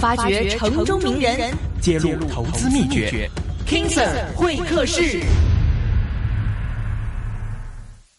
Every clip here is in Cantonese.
發掘城中名人，揭露投資秘訣。秘 King Sir, King Sir 會客室，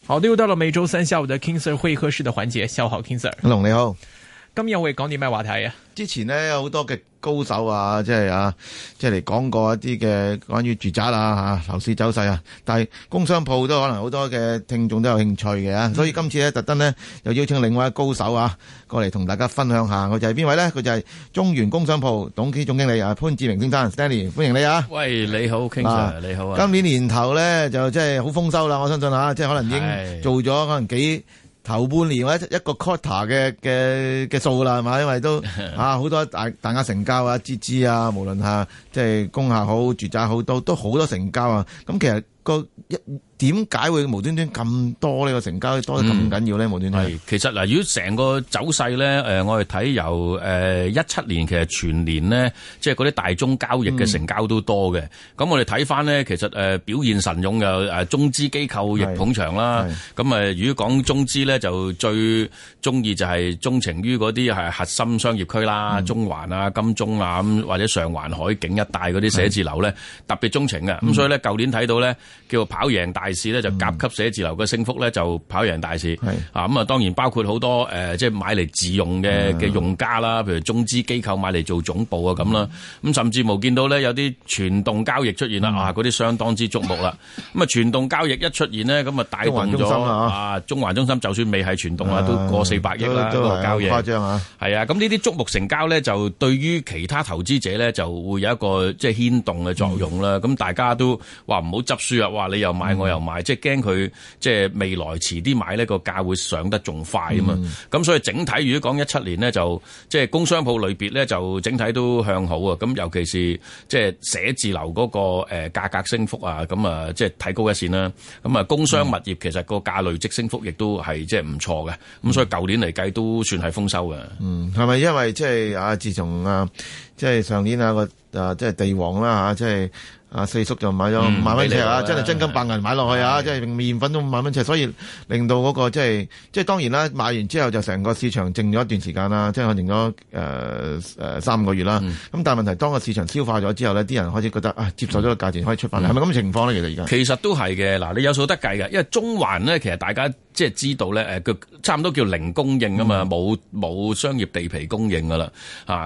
好的，又到了每周三下午的 King Sir 會客室的環節。小豪，King Sir，hello，你好。Hello, you 今日我會講啲咩話題啊？之前呢，有好多嘅。高手啊，即係啊，即係嚟講過一啲嘅關於住宅啊、嚇樓市走勢啊，但係工商鋪都可能好多嘅聽眾都有興趣嘅啊，嗯、所以今次咧特登呢，又邀請另外一高手啊過嚟同大家分享一下，佢就係邊位呢？佢就係中原工商鋪董事總經理啊潘志明先生 Stanley 歡迎你啊！喂，你好 King Sir,、啊、 你好啊！今年年頭咧就即係好豐收啦，我相信啊，即係可能已經做咗的可能幾。頭半年我一,一個 quarter 嘅嘅嘅數啦，係嘛？因為都 啊好多大大家成交啊，支支啊，無論吓即係工廈好住宅好多都好多成交啊！咁、嗯、其實個一。點解會無端端咁多呢個成交多得咁緊要咧？無端端係，其實嗱，如果成個走勢咧，誒、呃，我哋睇由誒一七年其實全年咧，即係嗰啲大宗交易嘅成交都多嘅。咁、嗯、我哋睇翻咧，其實誒、呃、表現神勇嘅誒中資機構亦捧場啦。咁、啊、如果講中資咧，就最中意就係鍾情於嗰啲係核心商業區啦，嗯、中環啊、金鐘啊咁，或者上環海景一帶嗰啲寫字樓咧，是特別鍾情嘅。咁、嗯、所以咧，舊年睇到咧，叫做跑贏大市呢，就甲級寫字樓嘅升幅咧就跑贏大市，嗯、啊咁啊當然包括好多誒，即、呃、係、就是、買嚟自用嘅嘅用家啦，嗯、譬如中資機構買嚟做總部啊咁啦，咁甚至冇見到咧有啲全棟交易出現啦，嗯、啊嗰啲相當之矚目啦，咁啊全棟交易一出現呢，咁啊帶動咗啊中環中心就算未係全棟啊都過四百億啦，都話交易誇張係啊，咁呢啲矚目成交咧就對於其他投資者咧就會有一個即係牽動嘅作用啦，咁、嗯啊、大家都話唔好執輸啊，哇，哇你又買我又買。嗯同埋即係驚佢即係未來遲啲買呢個價會上得仲快啊嘛，咁、嗯、所以整體如果講一七年呢，就即係工商鋪類別咧就整體都向好啊，咁尤其是即係寫字樓嗰個誒價格升幅啊，咁啊即係睇高一線啦，咁啊工商物業其實個價累積升幅亦都係即係唔錯嘅，咁、嗯、所以舊年嚟計都算係豐收嘅。嗯，係咪因為即係啊自從啊即係上年啊個啊即係地王啦吓，即係。啊四叔就買咗五萬蚊尺啊，嗯、真係真金白銀買落去啊，即係麵粉都五萬蚊尺，所以令到嗰、那個即係即係當然啦，買完之後就成個市場靜咗一段時間啦，即係靜咗誒誒三五個月啦。咁、嗯、但係問題當個市場消化咗之後呢，啲人開始覺得啊，接受咗個價錢可以出翻嚟，係咪咁嘅情況咧？其實而家其實都係嘅，嗱你有數得計嘅，因為中環咧其實大家。即係知道咧，誒，佢差唔多叫零供應啊嘛，冇冇商業地皮供應噶啦，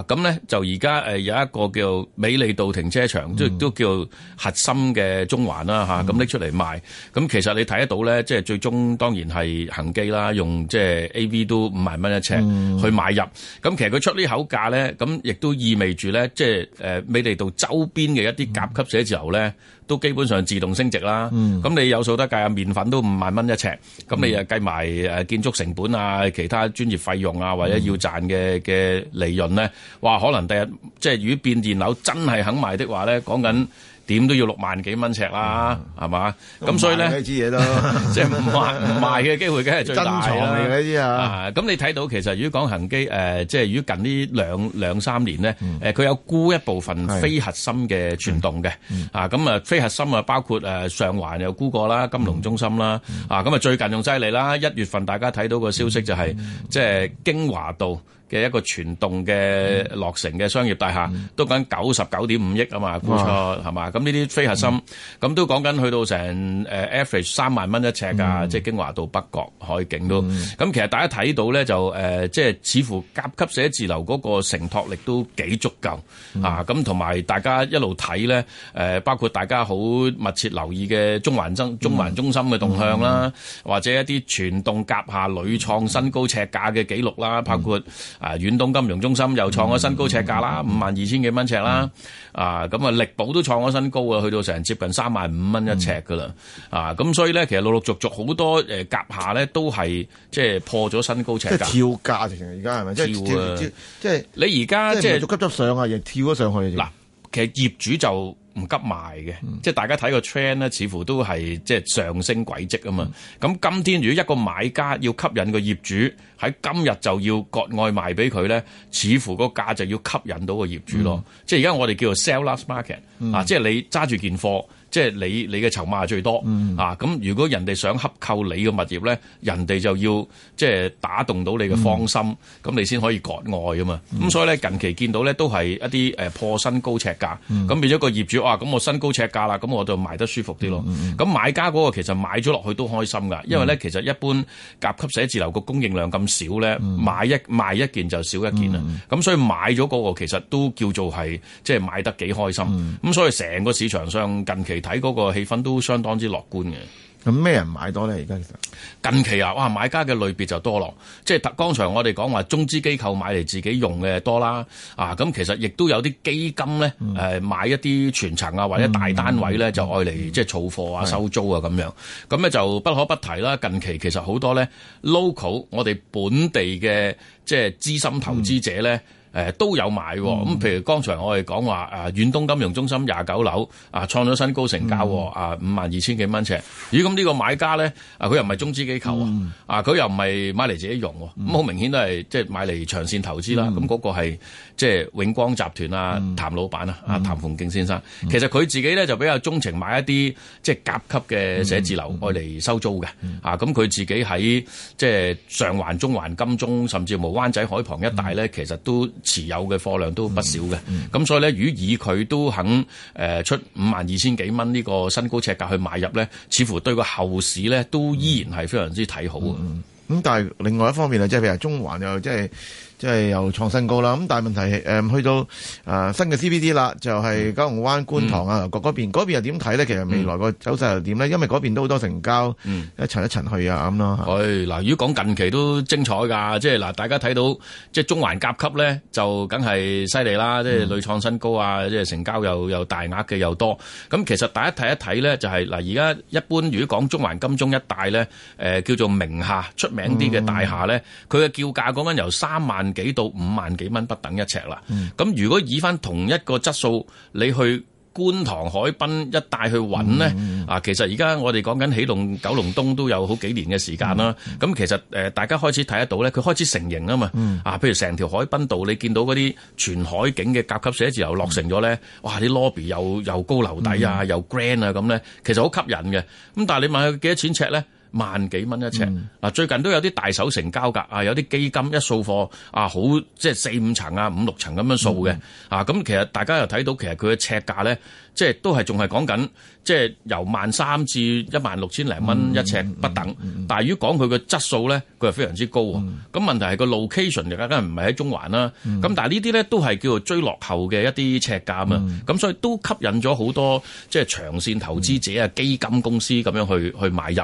咁咧就而家有一個叫美利道停車場，即係都叫核心嘅中環啦，咁拎出嚟賣，咁其實你睇得到咧，即係最終當然係恆基啦，用即係 A.V 都五萬蚊一尺去買入，咁其實佢出呢口價咧，咁亦都意味住咧，即係美利道周邊嘅一啲甲級寫字樓咧。都基本上自動升值啦。咁、嗯、你有數得計啊，麵粉都五萬蚊一尺。咁你又計埋誒建築成本啊，其他專業費用啊，或者要賺嘅嘅利潤咧，哇！可能第日即係如果變電樓真係肯賣的話咧，講緊。點都要六萬幾蚊尺啦，係嘛？咁所以咧，知嘢咯，即係唔賣唔賣嘅機會，梗係最大啦。咁你睇到其實如果講恆基誒，即係如果近呢兩兩三年咧，誒佢有沽一部分非核心嘅傳動嘅，啊咁啊非核心啊包括誒上環又沽過啦，金融中心啦，啊咁啊最近仲犀利啦，一月份大家睇到個消息就係即係京華道嘅一個全棟嘅落成嘅商業大廈，嗯、都講緊九十九點五億啊嘛，估錯係嘛？咁呢啲非核心，咁、嗯、都講緊去到成誒、呃、average 三萬蚊一尺啊！嗯、即係京華道北角海景都，咁、嗯嗯嗯、其實大家睇到咧就誒，即、呃、係似乎甲級寫字樓嗰個承托力都幾足夠、嗯、啊！咁同埋大家一路睇咧，誒包括大家好密切留意嘅中環中中環中心嘅動向啦，嗯嗯、或者一啲全棟甲下屢創新高尺價嘅記錄啦，包括，嗯嗯啊，遠東金融中心又創咗新高尺價啦，五萬二千幾蚊尺啦，嗯、啊咁啊力寶都創咗新高啊，去到成接近三萬五蚊一尺噶啦，嗯、啊咁所以咧，其實陸陸續續好多誒夾、呃、下咧都係即係破咗新高尺價。跳價，其實而家係咪？跳啊！即係你而家即係急急上啊，亦跳咗上去。嗱、啊，其實業主就。唔急賣嘅，即係大家睇個 trend 咧，似乎都係即係上升軌跡啊嘛。咁、嗯、今天如果一個買家要吸引個業主喺今日就要割愛賣俾佢咧，似乎個價就要吸引到個業主咯。嗯、即係而家我哋叫做 sell last market 啊、嗯，即係你揸住件貨。即係你你嘅籌碼係最多、嗯、啊！咁如果人哋想洽購你嘅物業咧，人哋就要即係打動到你嘅芳心，咁、嗯、你先可以割愛啊嘛！咁、嗯、所以咧近期見到咧都係一啲破新高尺價，咁、嗯、變咗個業主啊咁我新高尺價啦，咁我就賣得舒服啲咯。咁、嗯、買家嗰個其實買咗落去都開心㗎，因為咧、嗯、其實一般甲級寫字樓個供應量咁少咧、嗯，買一賣一件就少一件啦。咁、嗯、所以買咗嗰個其實都叫做係即係買得幾開心。咁、嗯、所以成個市場上近期。睇嗰個氣氛都相當之樂觀嘅。咁咩人買多咧？而家近期啊，哇，買家嘅類別就多咯。即係剛才我哋講話，中資機構買嚟自己用嘅多啦。啊，咁其實亦都有啲基金咧，誒、嗯、買一啲全層啊，或者大單位咧，就愛嚟、嗯嗯嗯、即係儲貨啊、收租啊咁樣。咁咧就不可不提啦。近期其實好多咧，local 我哋本地嘅即係資深投資者咧。嗯誒都有買咁，譬如剛才我哋講話啊，遠東金融中心廿九樓啊，創咗新高成交啊五萬二千幾蚊尺。咦，咁呢個買家咧啊，佢又唔係中資機構啊，啊佢又唔係買嚟自己用，咁好明顯都係即係買嚟長線投資啦。咁嗰個係即係永光集團啊，譚老闆啊，啊譚鳳敬先生。其實佢自己咧就比較鍾情買一啲即係甲級嘅寫字樓愛嚟收租嘅啊。咁佢自己喺即係上環、中環、金鐘，甚至乎灣仔海旁一帶咧，其實都。持有嘅貨量都不少嘅，咁、嗯嗯、所以呢，如果以佢都肯誒出五萬二千幾蚊呢個新高呎價去買入呢，似乎對個後市呢，都依然係非常之睇好啊。咁但係另外一方面啊，即係譬如中環又即係即係又創新高啦。咁但係問題係誒去到誒新嘅 CBD 啦，就係九龍灣、觀塘啊，嗰嗰邊嗰邊又點睇咧？其實未來個走勢又點咧？因為嗰邊都好多成交一層一層去啊，咁咯。係嗱，如果講近期都精彩㗎，即係嗱，大家睇到即係中環甲級咧，就梗係犀利啦，即係累創新高啊，即係成交又又大額嘅又多。咁其實大家睇一睇咧，就係嗱，而家一般如果講中環金鐘一帶咧，誒叫做名下出。名啲嘅大廈咧，佢嘅叫價講緊由三萬幾到五萬幾蚊不等一尺啦。咁如果以翻同一個質素，你去觀塘海濱一帶去揾咧，啊，其實而家我哋講緊起龍九龍東都有好幾年嘅時間啦。咁其實誒，大家開始睇得到咧，佢開始成形啊嘛。啊，譬如成條海濱道，你見到嗰啲全海景嘅甲級寫字樓落成咗咧，哇！啲 lobby 又又高樓底啊，又 grand 啊咁咧，其實好吸引嘅。咁但係你問佢幾多錢尺咧？萬幾蚊一尺、嗯、最近都有啲大手成交㗎啊！有啲基金一掃貨啊，好即係四五層啊，五六層咁樣掃嘅啊！咁、嗯、其實大家又睇到，其實佢嘅尺價咧。即係都係仲係講緊，即係由萬三至一萬六千零蚊一尺不等。嗯嗯嗯、但係如果講佢個質素咧，佢係非常之高。咁、嗯、問題係個 location 梗係唔係喺中環啦。咁、嗯、但係呢啲咧都係叫做追落後嘅一啲尺價嘛。咁、嗯、所以都吸引咗好多即係長線投資者啊、基金公司咁樣去去買入。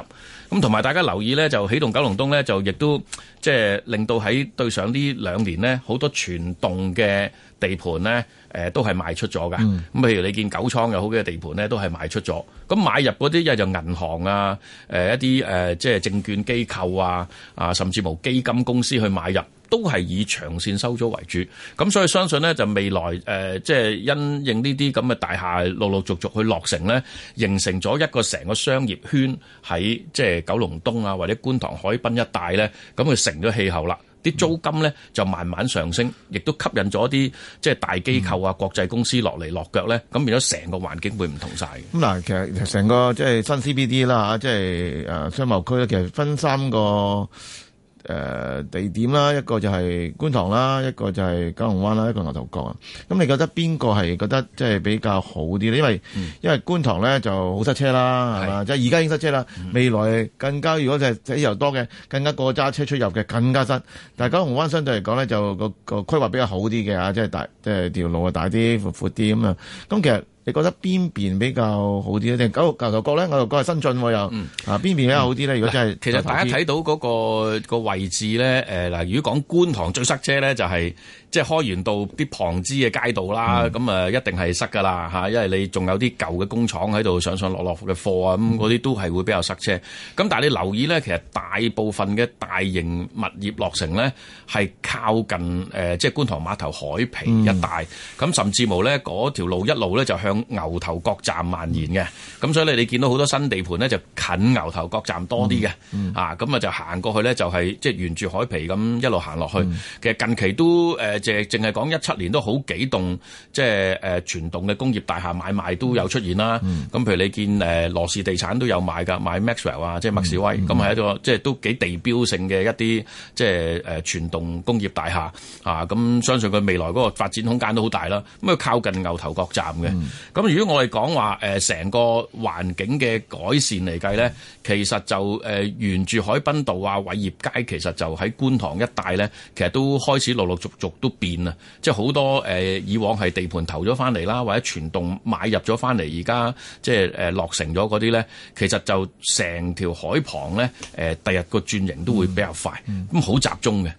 咁同埋大家留意咧，就起動九龍東咧，就亦都即係、就是、令到喺對上呢兩年咧，好多傳動嘅。地盤咧，都係賣出咗噶。咁譬如你見九倉有好幾個地盤咧，都係賣出咗。咁買入嗰啲一就銀行啊，一啲即係證券機構啊，啊甚至無基金公司去買入，都係以長線收租為主。咁所以相信咧就未來即係因應呢啲咁嘅大廈陸陸續續去落成咧，形成咗一個成個商業圈喺即係九龍東啊或者觀塘海濱一帶咧，咁佢成咗氣候啦。啲租金咧就慢慢上升，亦都吸引咗一啲即係大機構啊、國際公司落嚟落腳咧，咁變咗成個環境會唔同曬嘅。咁嗱，其實成個即係新 CBD 啦，即係誒商貿區咧，其實分三個。誒、呃、地點啦，一個就係觀塘啦，一個就係九龍灣啦，一個係牛頭角啊。咁你覺得邊個係覺得即係比較好啲咧？因為、嗯、因為觀塘咧就好塞車啦，係嘛，即係而家已經塞車啦，未來更加如果就係車又多嘅，更加過揸車出入嘅更加塞。但係九龍灣相對嚟講咧，就個個規劃比較好啲嘅啊，即、就、係、是、大即條、就係、路啊大啲，闊啲咁啊。咁其實。你覺得邊邊比較好啲咧？定九牛頭角咧？牛頭角係新晉喎又，啊邊邊比較好啲咧？嗯、如果真係，其實大家睇到嗰個個位置咧，誒、呃、嗱，如果講觀塘最塞車咧，就係、是。即係開完到啲旁支嘅街道啦，咁誒、嗯、一定係塞㗎啦，因為你仲有啲舊嘅工廠喺度上上落落嘅貨啊，咁嗰啲都係會比較塞車。咁但係你留意咧，其實大部分嘅大型物業落成咧係靠近即係、呃即係、觀塘碼頭海皮一帶。咁、嗯、甚至乎咧嗰條路一路咧就向牛頭角站蔓延嘅。咁所以你你見到好多新地盤咧就近牛頭角站多啲嘅。嗯嗯、啊，咁啊就行過去咧就係即係沿住海皮咁一路行落去。嗯、其實近期都、呃即係淨係講一七年都好幾棟，即係誒全棟嘅工業大廈買賣都有出現啦。咁、嗯、譬如你見誒羅氏地產都有買噶，買 Maxwell 啊，即係麥士威，咁、嗯、係一個即係、就是、都幾地標性嘅一啲，即係誒全棟工業大廈啊。咁相信佢未來個發展空間都好大啦。咁佢靠近牛頭角站嘅，咁、嗯、如果我哋講話誒成個環境嘅改善嚟計咧，嗯、其實就誒、呃、沿住海濱道啊、偉業街，其實就喺觀塘一帶咧，其實都開始陸陸續續都。變啊！即係好多誒，以往係地盤投咗翻嚟啦，或者全幢買入咗翻嚟，而家即係誒落成咗嗰啲咧，其實就成條海旁咧誒，第日個轉型都會比較快，咁好、嗯嗯、集中嘅。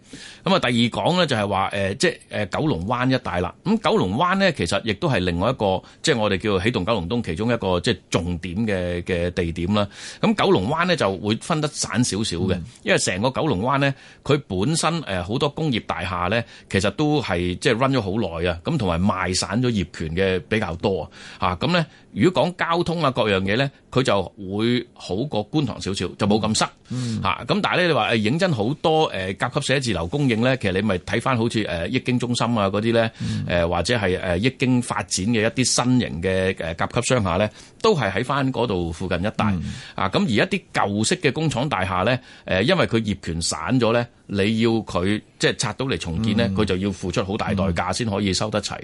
咁啊，第二講咧就係話誒，即係誒九龍灣一帶啦。咁九龍灣咧，其實亦都係另外一個，即係我哋叫做起動九龍東其中一個即係、就是、重點嘅嘅地點啦。咁九龍灣咧就會分得散少少嘅，嗯、因為成個九龍灣咧，佢本身誒好、呃、多工業大廈咧，其實都。都係即係 run 咗好耐啊，咁同埋賣散咗業權嘅比較多啊，吓，咁咧。如果講交通啊各樣嘢咧，佢就會好過觀塘少少，就冇咁塞吓咁，嗯啊，但係咧，你話誒認真好多誒，呃、甲級寫字樓供應咧，其實你咪睇翻好似誒益經億京中心啊嗰啲咧，誒，嗯呃，或者係誒億京發展嘅一啲新型嘅誒，呃、甲級商廈咧，都係喺翻嗰度附近一帶，嗯，啊。咁而一啲舊式嘅工廠大廈咧，誒，呃、因為佢業權散咗咧，你要佢即係拆到嚟重建咧，佢，嗯、就要付出好大代價先可以收得齊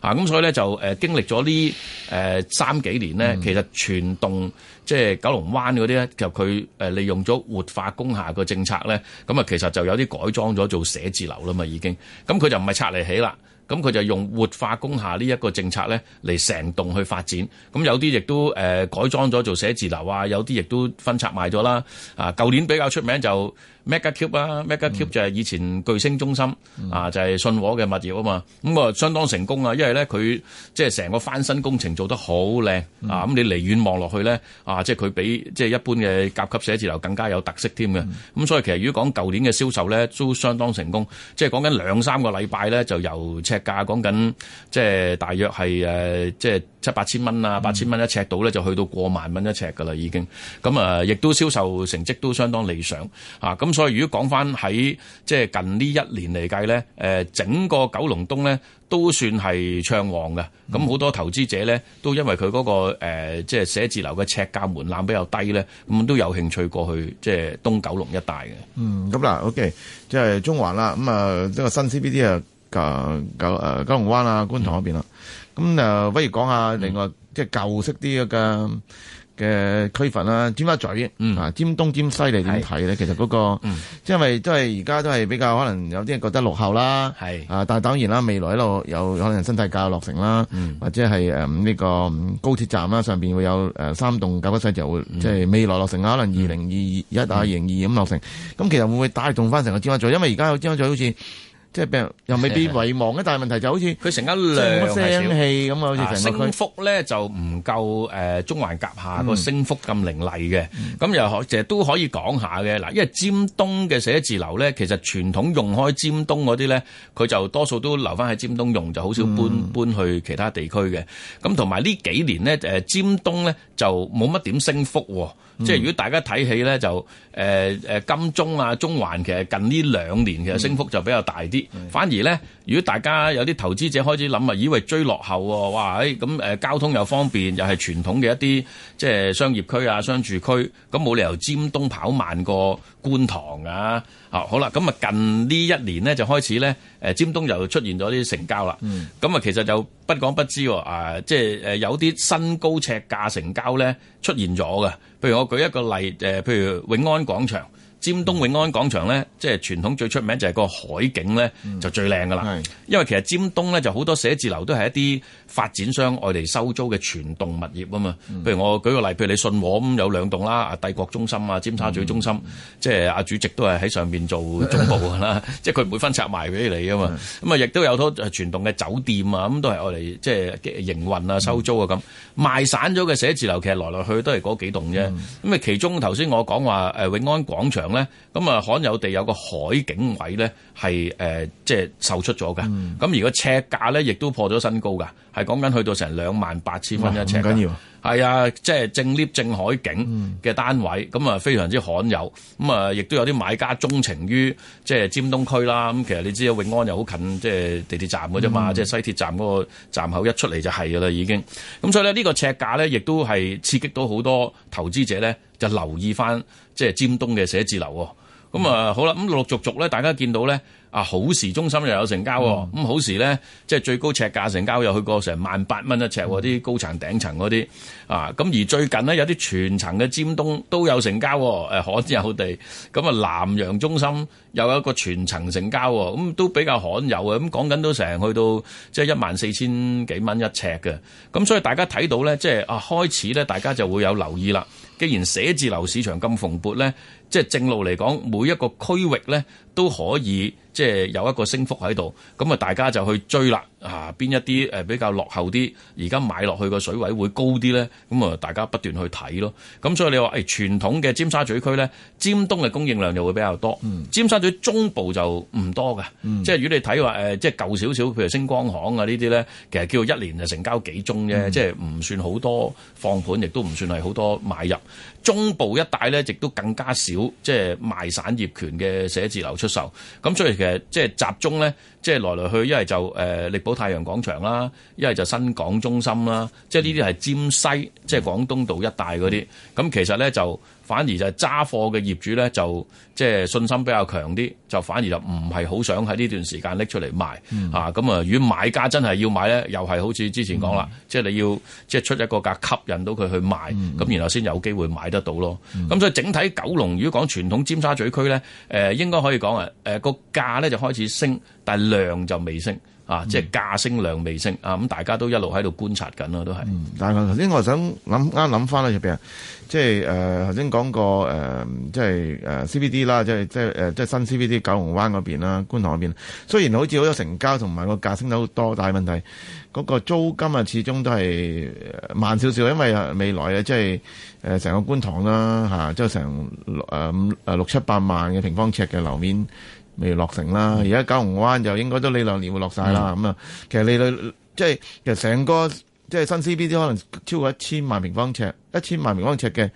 啊。咁所以咧就誒，呃、經歷咗呢三幾年呢，其實全棟即係九龍灣嗰啲咧，就佢誒利用咗活化工廈個政策咧，咁啊其實就有啲改裝咗做寫字樓啦嘛，已經，咁佢就唔係拆嚟起啦。咁佢就用活化工下呢一個政策咧，嚟成棟去發展。咁有啲亦都誒改裝咗做寫字樓啊，有啲亦都分拆賣咗啦。啊，舊年比較出名就 m e g a c u b e 啊 m a c u b e，就係以前巨星中心啊，就係、是、信和嘅物業啊嘛。咁啊相當成功啊，因為咧佢即係成個翻新工程做得好靚啊。咁你離遠望落去咧啊，即係佢比即係一般嘅甲級寫字樓更加有特色添嘅，咁所以其實如果講舊年嘅銷售咧，都相當成功。即係講緊兩三個禮拜咧，就由尺。價講緊，即係大約係誒，即係七八千蚊啊，八千蚊一尺到咧，就去到過萬蚊一尺噶啦，已經。咁啊，亦都銷售成績都相當理想啊。咁所以如果講翻喺即係近呢一年嚟計咧，誒，整個九龍東咧都算係暢旺嘅。咁好多投資者咧都因為佢嗰個誒，即係寫字樓嘅尺價門檻比較低咧，咁都有興趣過去即係東九龍一帶嘅。嗯，咁嗱，OK，即係中環啦，咁啊，呢個新 CBD 啊。九九九龍灣啊，觀塘嗰邊啦，咁誒、嗯、不如講下另外即係舊式啲嘅嘅區份啦。尖沙咀，啊，尖東尖西嚟點睇咧？呢是其實嗰、嗰個，嗯，因為都係而家都係比較可能有啲人覺得落後啦，係啊是，但係當然啦，未來喺度有可能身界架落成啦，嗯、或者係誒呢個高鐵站啦，上邊會有誒三棟九屋西就會即係未來落成啊，可能二零二二一啊，二零二二咁落成，咁其實會唔會帶動翻成個尖沙咀？因為而家有尖沙咀好似。即係，又未必遺忘嘅，的但係問題就好似佢成間兩聲氣咁啊！升幅咧就唔夠誒、呃、中環夾下、嗯、個升幅咁凌厲嘅，咁、嗯、又其實都可以講下嘅。嗱，因為尖東嘅寫字樓咧，其實傳統用開尖東嗰啲咧，佢就多數都留翻喺尖東用，就好少搬、嗯、搬去其他地區嘅。咁同埋呢幾年呢、呃，尖東咧就冇乜點升幅。即係、嗯、如果大家睇起咧，就誒誒、呃、金鐘啊、中環。其實近呢兩年其實升幅就比較大啲，嗯、反而咧。如果大家有啲投資者開始諗啊，以為追落後喎，哇！咁誒交通又方便，又係傳統嘅一啲即係商業區啊、商住區，咁冇理由尖東跑慢過觀塘啊！啊，好啦，咁啊近呢一年呢，就開始咧，誒尖東又出現咗啲成交啦。咁啊、嗯、其實就不講不知喎，啊，即係誒有啲新高尺價成交咧出現咗嘅。譬如我舉一個例，誒譬如永安廣場。尖東永安廣場咧，即係傳統最出名就係個海景咧，就最靚噶啦。因為其實尖東咧就好多寫字樓都係一啲發展商愛嚟收租嘅全棟物業啊嘛。譬如我舉個例，譬如你信和咁有兩棟啦，啊帝國中心啊、尖沙咀中心，即係阿主席都係喺上面做總部噶啦，即係佢唔會分拆埋俾你啊嘛。咁啊亦都有多全棟嘅酒店啊，咁都係愛嚟即係營運啊、收租啊咁賣散咗嘅寫字樓，其實來來去去都係嗰幾棟啫。咁啊其中頭先我講話誒永安廣場，咧咁啊，罕有地有個海景位咧，係、呃、即係售出咗嘅。咁、嗯、而個尺價咧，亦都破咗新高㗎，係講緊去到成兩萬八千蚊一尺。緊要係啊，即係正 lift 正海景嘅單位，咁啊、嗯、非常之罕有。咁啊，亦都有啲買家鍾情於即係尖東區啦。咁其實你知啊，永安又好近，即係地鐵站嘅啫嘛，嗯、即係西鐵站嗰個站口一出嚟就係㗎啦已經。咁所以咧，這個、呢個尺價咧，亦都係刺激到好多投資者咧，就留意翻。即係尖東嘅寫字樓喎，咁啊、嗯嗯、好啦，咁陸陸續續咧，大家見到咧啊好時中心又有成交，咁、嗯嗯、好時咧即係最高尺價成交又去過成萬八蚊一尺喎，啲、嗯、高層頂層嗰啲啊，咁而最近呢，有啲全層嘅尖東都有成交，喎、呃。罕有地，咁、嗯、啊南洋中心又有一個全層成交喎，咁、嗯、都比較罕有嘅，咁講緊都成去到即係一萬四千幾蚊一尺嘅，咁所以大家睇到咧即係啊開始咧大家就會有留意啦。既然寫字樓市場咁蓬勃咧，即係正路嚟講，每一個區域咧都可以即係有一個升幅喺度，咁啊大家就去追啦。啊，邊一啲誒比較落後啲，而家買落去個水位會高啲咧？咁啊，大家不斷去睇咯。咁所以你話誒、欸、傳統嘅尖沙咀區咧，尖東嘅供應量就會比較多。嗯、尖沙咀中部就唔多㗎。嗯、即係如果你睇話誒，即係舊少少，譬如星光行啊呢啲咧，其實叫做一年就成交幾宗啫，嗯、即係唔算好多放盤，亦都唔算係好多買入。中部一帶咧，亦都更加少，即係賣散業權嘅寫字樓出售。咁所以其實即係集中咧，即係來來去因為就誒力、呃太陽廣場啦，一係就新港中心啦，即係呢啲係尖西，嗯、即係廣東道一帶嗰啲。咁其實咧就反而就係揸貨嘅業主咧，就即係信心比較強啲，就反而就唔係好想喺呢段時間拎出嚟賣。咁啊，如果買家真係要買咧，又係好似之前講啦，嗯、即係你要即係出一個價吸引到佢去賣，咁、嗯、然後先有機會買得到咯。咁、嗯、所以整體九龍，如果講傳統尖沙咀區咧，誒、呃，應該可以講啊，誒個價咧就開始升，但係量就未升。啊，即係價升量未升、嗯、啊，咁、嗯、大家都一路喺度觀察緊啊。都係。嗯，但係頭先我想諗，啱諗翻啦入邊啊，即係誒頭先講過誒、呃，即係誒、呃、CBD 啦，即係即係即新 CBD 九龍灣嗰邊啦，觀塘嗰邊。雖然好似好有成交同埋個價升得好多，但係問題嗰、那個租金啊，始終都係慢少少，因為未來啊，即係誒成個觀塘啦嚇、啊，即係成六六七百萬嘅平方尺嘅樓面。未落成啦，而家九龍灣就應該都呢兩年會落晒啦。咁啊、嗯就是，其實呢兩即係其實成個即係、就是、新 CBD 可能超過一千萬平方尺，一千萬平方尺嘅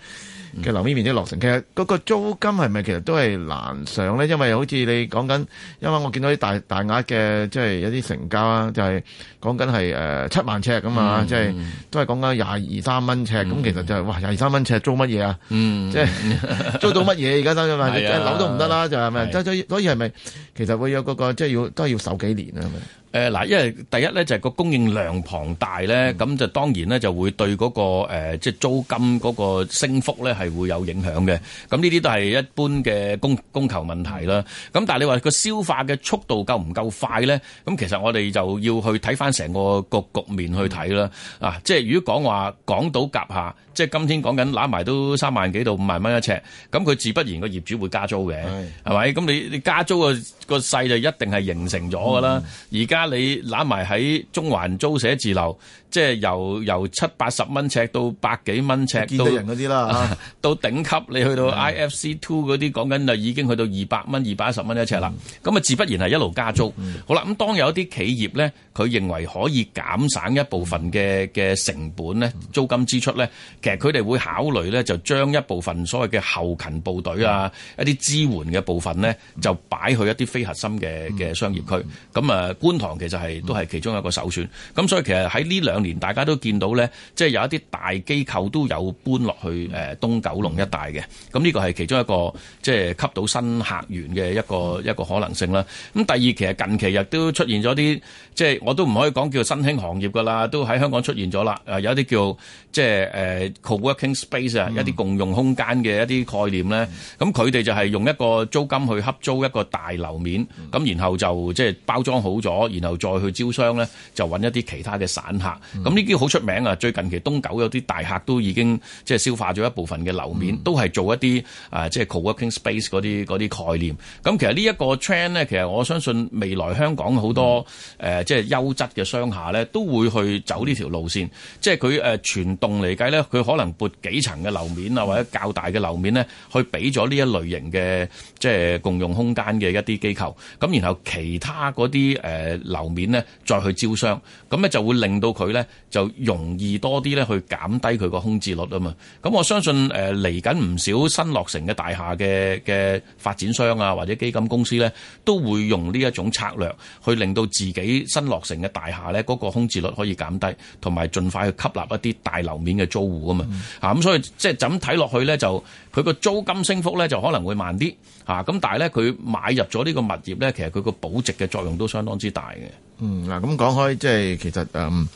嘅樓面面啲落成，其實嗰個租金係咪其實都係難上咧？因為好似你講緊，因為我見到啲大大額嘅，即係有啲成交啊，就係講緊係七萬尺咁啊，即係、嗯就是、都係講緊廿二三蚊尺。咁、嗯、其實就係、是、哇，廿二三蚊尺租乜嘢 啊？即係租到乜嘢？而家得咗嘛？樓都唔得啦，就係咪？所以所以係咪其實會有嗰、那個即係、就是、要都係要守幾年啊？是誒嗱，因為第一咧就係個供應量龐大咧，咁就當然咧就會對嗰個誒即係租金嗰個升幅咧係會有影響嘅。咁呢啲都係一般嘅供供求問題啦。咁但係你話個消化嘅速度夠唔夠快咧？咁其實我哋就要去睇返成個局局面去睇啦。啊，即係如果講話港島夾下，即係今天講緊揦埋都三萬幾到五萬蚊一尺，咁佢自不然個業主會加租嘅，係咪？咁你你加租個個勢就一定係形成咗㗎啦。而家你攬埋喺中環租寫字樓，即係由由七八十蚊尺到百幾蚊尺，見到人啲啦， 到頂級你去到 I F C Two 啲，講緊就已經去到二百蚊，二百一十蚊一尺啦。咁啊、嗯，自不然係一路加租。嗯、好啦，咁當有一啲企業咧，佢認為可以減省一部分嘅嘅成本咧，嗯、租金支出咧，其實佢哋會考慮咧，就將一部分所謂嘅後勤部隊啊，嗯、一啲支援嘅部分咧，就擺去一啲非核心嘅嘅商業區咁、嗯嗯、啊，觀塘。其實係都係其中一個首選，咁所以其實喺呢兩年大家都見到呢，即係有一啲大機構都有搬落去誒東九龍一帶嘅，咁呢個係其中一個即係吸到新客源嘅一個一個可能性啦。咁第二，其實近期亦都出現咗啲。即係我都唔可以講叫新興行業㗎啦，都喺香港出現咗啦。誒有啲叫即係誒 co-working space 啊，有啲、呃、共用空間嘅一啲概念咧。咁佢哋就係用一個租金去合租一個大樓面，咁、嗯、然後就即係包裝好咗，然後再去招商咧，就揾一啲其他嘅散客。咁呢啲好出名啊！最近期東九有啲大客都已經即係消化咗一部分嘅樓面，嗯、都係做一啲誒、呃、即係 co-working space 嗰啲嗰啲概念。咁其實呢一個 trend 咧，其實我相信未來香港好多誒。嗯即係優質嘅商廈咧，都會去走呢條路線。即係佢誒全棟嚟計咧，佢可能撥幾層嘅樓面啊，或者較大嘅樓面咧，去畀咗呢一類型嘅即係共用空間嘅一啲機構。咁然後其他嗰啲誒樓面咧，再去招商。咁咧就會令到佢咧就容易多啲咧去減低佢個空置率啊嘛。咁我相信誒嚟緊唔少新落成嘅大廈嘅嘅發展商啊，或者基金公司咧，都會用呢一種策略去令到自己，新落成嘅大廈咧，嗰、那個空置率可以減低，同埋盡快去吸納一啲大樓面嘅租戶啊嘛。嗯、啊，咁所以即係咁睇落去咧，就佢、是、個租金升幅咧，就可能會慢啲。嚇、啊，咁但係咧，佢買入咗呢個物業咧，其實佢個保值嘅作用都相當之大嘅、嗯。嗯，嗱，咁講開，即係其實誒，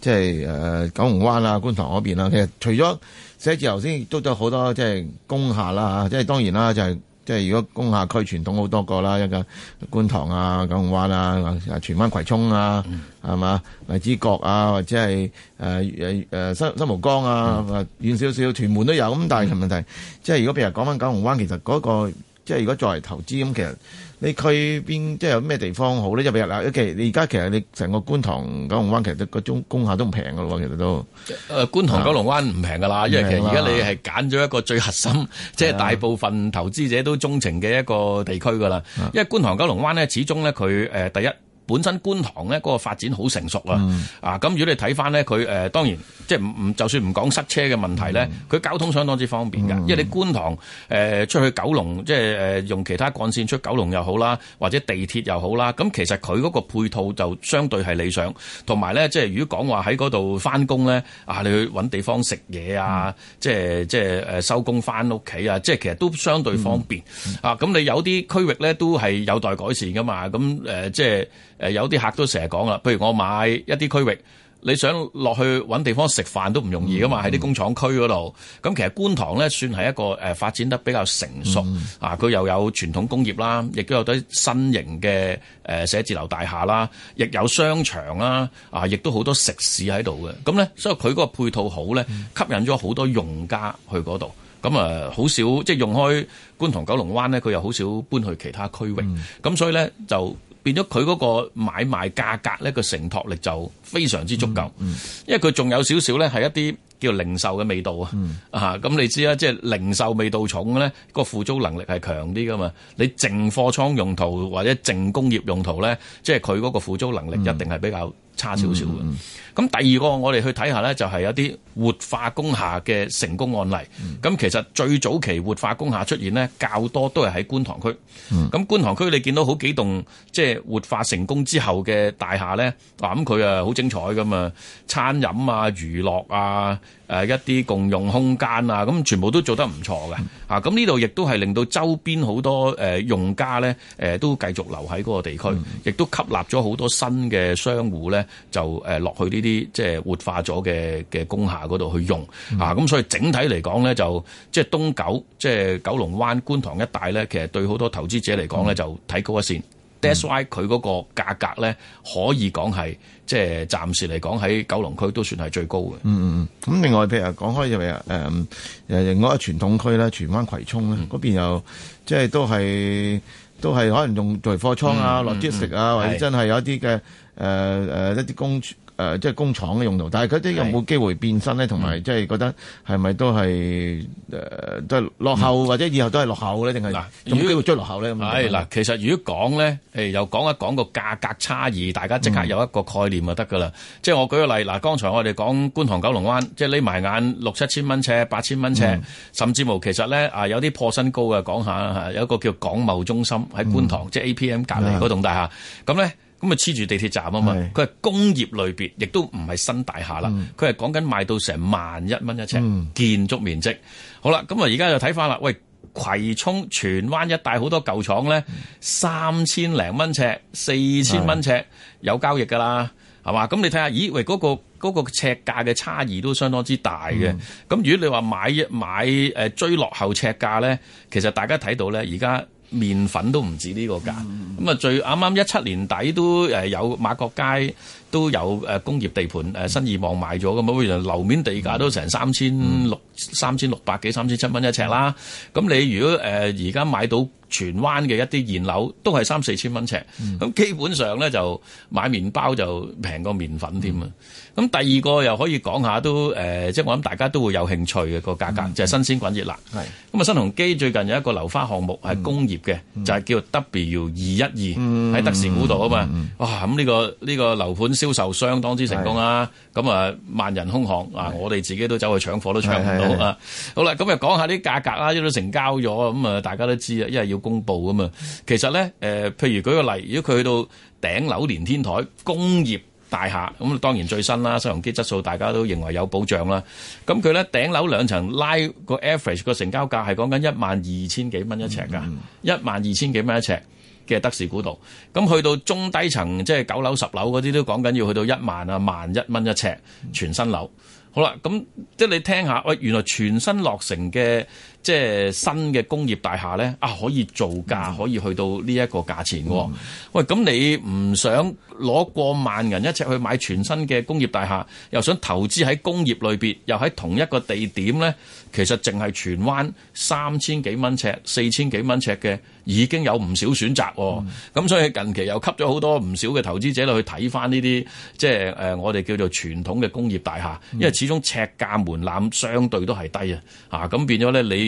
即係誒，九龍灣啊，觀塘嗰邊啦。其實除咗寫字樓先亦都有好多即係工廈啦嚇，即係當然啦，就係、是。即係如果工廈區傳統好多個啦，一個觀塘啊、九龍灣啊、荃灣葵涌啊，係咪荔枝角啊，或者係誒誒誒新新蒲崗啊，遠少少屯門都有。咁但係問題，嗯、即係如果譬如講返九龍灣，其實嗰、嗰個即係如果作為投資咁，其實。你區邊即係有咩地方好咧？即係譬如啦，尤其你而家其實你成個觀塘九龍灣其實個中供下都唔平嘅喎，其實都。誒、呃、觀塘九龍灣唔平㗎啦，的因為其實而家你係揀咗一個最核心，即係的大部分投資者都鍾情嘅一個地區㗎啦。的因為觀塘九龍灣咧，始終咧佢、呃、第一。本身觀塘咧嗰個發展好成熟啊，啊咁、嗯、如果你睇翻咧佢、誒當然即係唔唔就算唔講塞車嘅問題咧，佢交通相當之方便嘅，嗯、因為你觀塘誒出去九龍即係誒用其他幹線出九龍又好啦，或者地鐵又好啦，咁其實佢嗰個配套就相對係理想，同埋咧即係如果講話喺嗰度翻工咧，啊你去搵地方食嘢啊，即係即係誒收工翻屋企啊，即係其實都相對方便啊。咁你、嗯嗯、有啲區域咧都係有待改善噶嘛，咁即係。誒、呃、有啲客都成日講啦，譬如我買一啲區域，你想落去搵地方食飯都唔容易噶嘛，喺啲工廠區嗰度。咁其實觀塘咧，算係一個誒、呃、發展得比較成熟嗯嗯啊。佢又有傳統工業啦，亦都有啲新型嘅誒、呃、寫字樓大廈啦，亦有商場啦，啊，亦都好多食肆喺度嘅。咁咧，所以佢嗰個配套好咧，嗯、吸引咗好多用家去嗰度。咁啊、呃，好少即係用開觀塘九龍灣咧，佢又好少搬去其他區域。咁、嗯嗯啊、所以咧就。變咗佢嗰個買賣價格呢個承托力就非常之足夠，嗯嗯、因為佢仲有少少呢係一啲叫零售嘅味道、嗯、啊咁你知啦，即係零售味道重呢咧，個付租能力係強啲㗎嘛，你淨貨倉用途或者淨工業用途咧，即係佢嗰個付租能力一定係比較。差少少嘅，咁、嗯嗯嗯、第二個我哋去睇下咧，就係一啲活化工廈嘅成功案例。咁、嗯、其實最早期活化工廈出現咧，較多都係喺觀塘區。咁、嗯嗯、觀塘區你見到好幾棟即係活化成功之後嘅大廈咧，啊咁佢啊好精彩㗎嘛，餐飲啊、娛樂啊。誒一啲共用空間啊，咁全部都做得唔錯嘅嚇。咁呢度亦都係令到周邊好多誒用家咧，誒都繼續留喺嗰個地區，亦都、嗯、吸納咗好多新嘅商戶咧，就誒落去呢啲即係活化咗嘅嘅工廈嗰度去用啊。咁、嗯、所以整體嚟講咧，就即係東九，即係九龍灣、觀塘一帶咧，其實對好多投資者嚟講咧，就睇高一線。that's why 佢嗰個價格呢，mm. 可以講係即係暫時嚟講喺九龍區都算係最高嘅。嗯，咁另外譬如講開就誒誒另外傳統區咧，荃灣葵涌咧，嗰、mm. 邊又即係都係都係可能用在貨倉啊、Logistics 啊，或者真係有一啲嘅誒一啲工。誒、呃，即係工廠嘅用途，但係佢啲有冇機會變身呢？同埋即係覺得係咪都係誒、呃、都係落後，嗯、或者以後都係落後咧？定係仲有機會追落後咧？係嗱果，其實如果講咧，誒又講一講個價格差異，大家即刻有一個概念就得㗎啦。嗯、即係我舉個例，嗱，剛才我哋講觀塘九龍灣，即係匿埋眼六七千蚊尺、八千蚊尺，嗯、甚至無其實咧啊，有啲破新高嘅講下啦嚇有一個叫港貿中心喺觀塘，嗯、即係 A P M 隔離嗰棟大廈，咁咧的。咁啊黐住地鐵站啊嘛，佢係是工業類別，亦都唔係新大廈啦。佢係講緊賣到成萬一蚊一尺建築面積。好啦，咁啊而家就睇翻啦，喂葵涌荃灣一帶好多舊廠咧，三千零蚊尺、四千蚊尺有交易噶啦，係嘛？咁你睇下，咦？喂、嗰個，嗰、嗰個嗰尺、嗰個、價嘅差異都相當之大嘅。咁、嗯、如果你話買買追落後尺價咧，其實大家睇到咧，而家。麵粉都唔止呢個價，咁啊、嗯、最啱啱一七年底都有馬角街都有工業地盤，嗯、新意網買咗咁嘛，原樓面地價都成三千六三千六百幾三千七蚊一尺啦。咁、嗯、你如果誒而家買到荃灣嘅一啲現樓，都係三四千蚊尺，咁、嗯、基本上咧就買麵包就平過麵粉添啊！嗯咁第二個又可以講下都誒，即、呃、我諗大家都會有興趣嘅，這個價格，嗯、就係新鮮滾熱辣。咁啊是，新鴻基最近有一個樓花項目係工業嘅，嗯、就係叫 W 二一二喺德士古道、嗯嗯、啊嘛。哇、這個！咁、這、呢個呢個樓盤銷售相當之成功啦。咁是啊，萬人空巷是啊，我哋自己都走去搶貨都搶唔到啊。好啦，咁又講下啲價格啦，因為都成交咗咁啊，大家都知啊，因為要，要公佈啊嘛。其實咧誒，譬、呃、如舉個例，如果佢去到頂樓連天台工業。大廈咁當然最新啦，收容機質素大家都認為有保障啦。咁佢呢頂樓兩層拉個 average 個成交價係講緊一萬二千幾蚊一尺㗎，嗯嗯，一萬二千幾蚊一尺嘅德士古道。咁去到中低層即係九樓十樓嗰啲都講緊要去到一萬啊萬一蚊一尺全新樓。好啦，咁即係你聽下，喂，原來全新落成嘅。即係新嘅工業大廈咧，啊可以造價可以去到呢一個價錢喎。嗯、喂，咁你唔想攞過萬銀一尺去買全新嘅工業大廈，又想投資喺工業類別又喺同一個地點咧，其實淨係荃灣三千幾蚊尺，四千幾蚊尺嘅已經有唔少選擇，喎、嗯。咁所以近期又吸咗好多唔少嘅投資者去睇翻呢啲，即係誒、呃、我哋叫做傳統嘅工業大廈，因為始終尺價門檻相對都係低啊。啊，咁變咗咧你。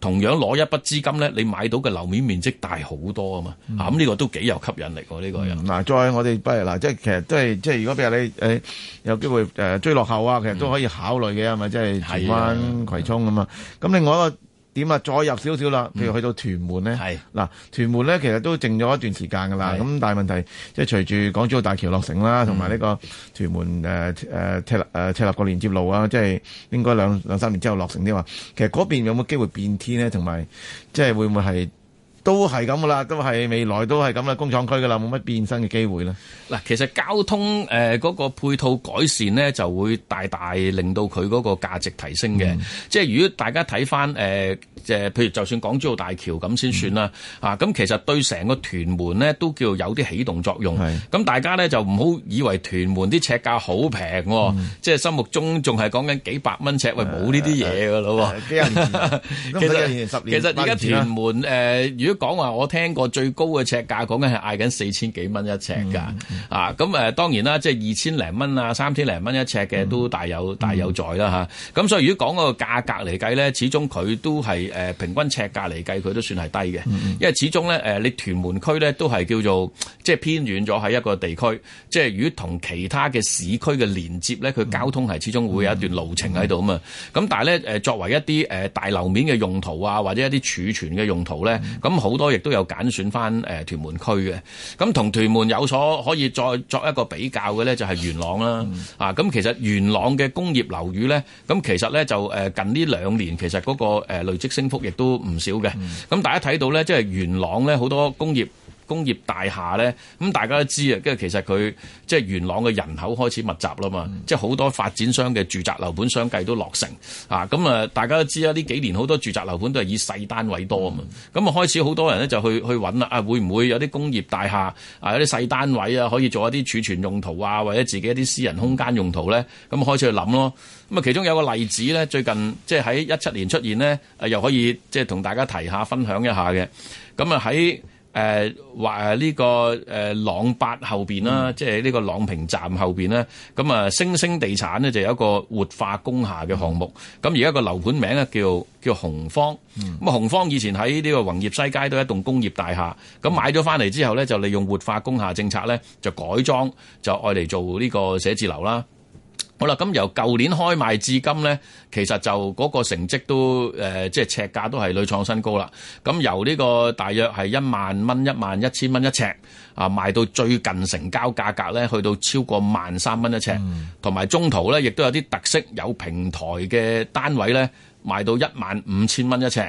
同樣攞一筆資金咧，你買到嘅樓面面積大好多啊嘛，吓，咁呢個都幾有吸引力喎呢、這個人嗱、嗯，再我哋不如嗱，即係其實都係即係，如果譬如你誒、呃、有機會誒、呃、追落後啊，其實都可以考慮嘅係咪？即係荃灣葵涌啊嘛。咁的另外一個。一點啊？再入少少啦，譬如去到屯門咧，嗱是屯門咧，其實都靜咗一段時間㗎啦。咁但係問題，即係隨住港珠澳大橋落成啦，同埋呢個屯門誒誒赤誒鱲角連接路啊，即係應該兩兩三年之後落成啲話。其實嗰邊有冇機會變天咧？同埋即係會唔會係？都係咁噶啦，都係未來都係咁啦，工廠區噶啦，冇乜變身嘅機會啦。嗱，其實交通誒嗰、呃那個配套改善呢，就會大大令到佢嗰個價值提升嘅。嗯、即係如果大家睇翻即係誒，譬如就算港珠澳大橋咁先算啦，嗯、啊咁其實對成個屯門呢，都叫有啲起動作用。咁是大家呢，就唔好以為屯門啲尺價好平，嗯、即係心目中仲係講緊幾百蚊尺，喂冇呢啲嘢噶咯。幾廿年前，其實而家屯門誒、呃，如果講話我聽過最高嘅尺價是 4,，講緊係嗌緊四千幾蚊一尺㗎，嗯、啊咁誒當然啦，即係二千零蚊啊，三千零蚊一尺嘅都大有、嗯、大有在啦嚇。咁、啊、所以如果講嗰個價格嚟計咧，始終佢都係誒平均尺價嚟計，佢都算係低嘅，嗯、因為始終咧誒你屯門區咧都係叫做即係偏遠咗喺一個地區，即係如果同其他嘅市區嘅連接咧，佢交通係始終會有一段路程喺度啊嘛。咁、嗯、但係咧誒作為一啲誒大樓面嘅用途啊，或者一啲儲存嘅用途咧，咁、嗯。嗯好多亦都有揀選翻屯門區嘅，咁同屯門有所可以再作一個比較嘅呢，就係元朗啦，嗯、啊，咁其實元朗嘅工業樓宇呢，咁其實呢，就近呢兩年其實嗰個累積升幅亦都唔少嘅，咁、嗯、大家睇到呢，即係元朗呢，好多工業。工業大廈呢，咁大家都知啊。跟住其實佢即係元朗嘅人口開始密集啦嘛，嗯、即係好多發展商嘅住宅樓盤相繼都落成啊。咁啊，大家都知啊，呢幾年好多住宅樓盤都係以細單位多啊嘛。咁啊，開始好多人呢，就去去揾啦啊，會唔會有啲工業大廈啊，有啲細單位啊，可以做一啲儲存用途啊，或者自己一啲私人空間用途呢？咁、啊、開開始去諗咯。咁啊，其中有個個例子呢，最近即係喺一七年出現呢、啊，又可以即係同大家提下分享一下嘅。咁啊喺。誒、呃、或呢、呢個誒、呃、朗八後邊啦，嗯、即係呢個朗屏站後邊啦。咁啊，星星地產咧就有一個活化工廈嘅項目。咁、嗯、而家個樓盤名咧叫叫紅方。咁紅、嗯、方以前喺呢個宏業西街都係一棟工業大廈。咁買咗翻嚟之後咧，就利用活化工廈政策咧，就改裝就愛嚟做呢個寫字樓啦。好啦，咁由舊年開賣至今呢，其實就嗰個成績都誒，即、呃、係尺價都係屢創新高啦。咁由呢個大約係一萬蚊、一萬一千蚊一尺啊，賣到最近成交價格呢，去到超過萬三蚊一尺，同埋、嗯、中途呢，亦都有啲特色，有平台嘅單位呢，賣到一萬五千蚊一尺。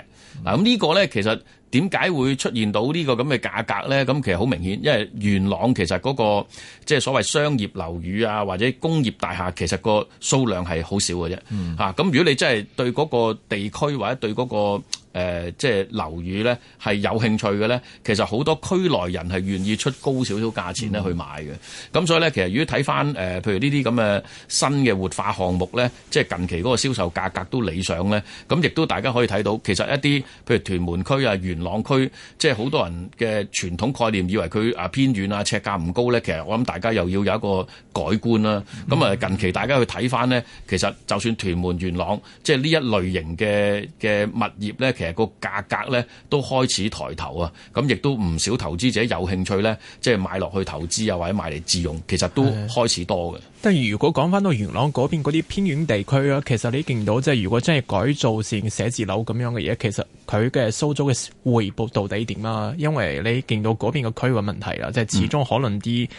嗱、嗯，咁呢、啊、個呢，其實。點解會出現到呢個咁嘅價格呢？咁其實好明顯，因為元朗其實嗰個即係所謂商業樓宇啊，或者工業大廈，其實個數量係好少嘅啫。嚇！咁如果你真係對嗰個地區或者對嗰個、呃、即係樓宇呢係有興趣嘅呢，其實好多區內人係願意出高少少價錢呢去買嘅。咁、嗯、所以呢，其實如果睇返誒，譬如呢啲咁嘅新嘅活化項目呢，即係近期嗰個銷售價格都理想呢，咁亦都大家可以睇到，其實一啲譬如屯門區啊、元朗。港區即係好多人嘅傳統概念，以為佢啊偏遠啊，呎價唔高呢。其實我諗大家又要有一個改觀啦。咁啊、嗯，近期大家去睇返呢，其實就算屯門元朗即係呢一類型嘅嘅物業呢，其實個價格呢都開始抬頭啊。咁亦都唔少投資者有興趣呢，即係買落去投資啊，或者買嚟自用，其實都開始多嘅。如果講翻到元朗嗰邊嗰啲偏遠地區啊，其實你見到即係如果真係改造成寫字樓咁樣嘅嘢，其實佢嘅收租嘅回報到底點啊？因為你見到嗰邊嘅區域問題啦，即係始終可能啲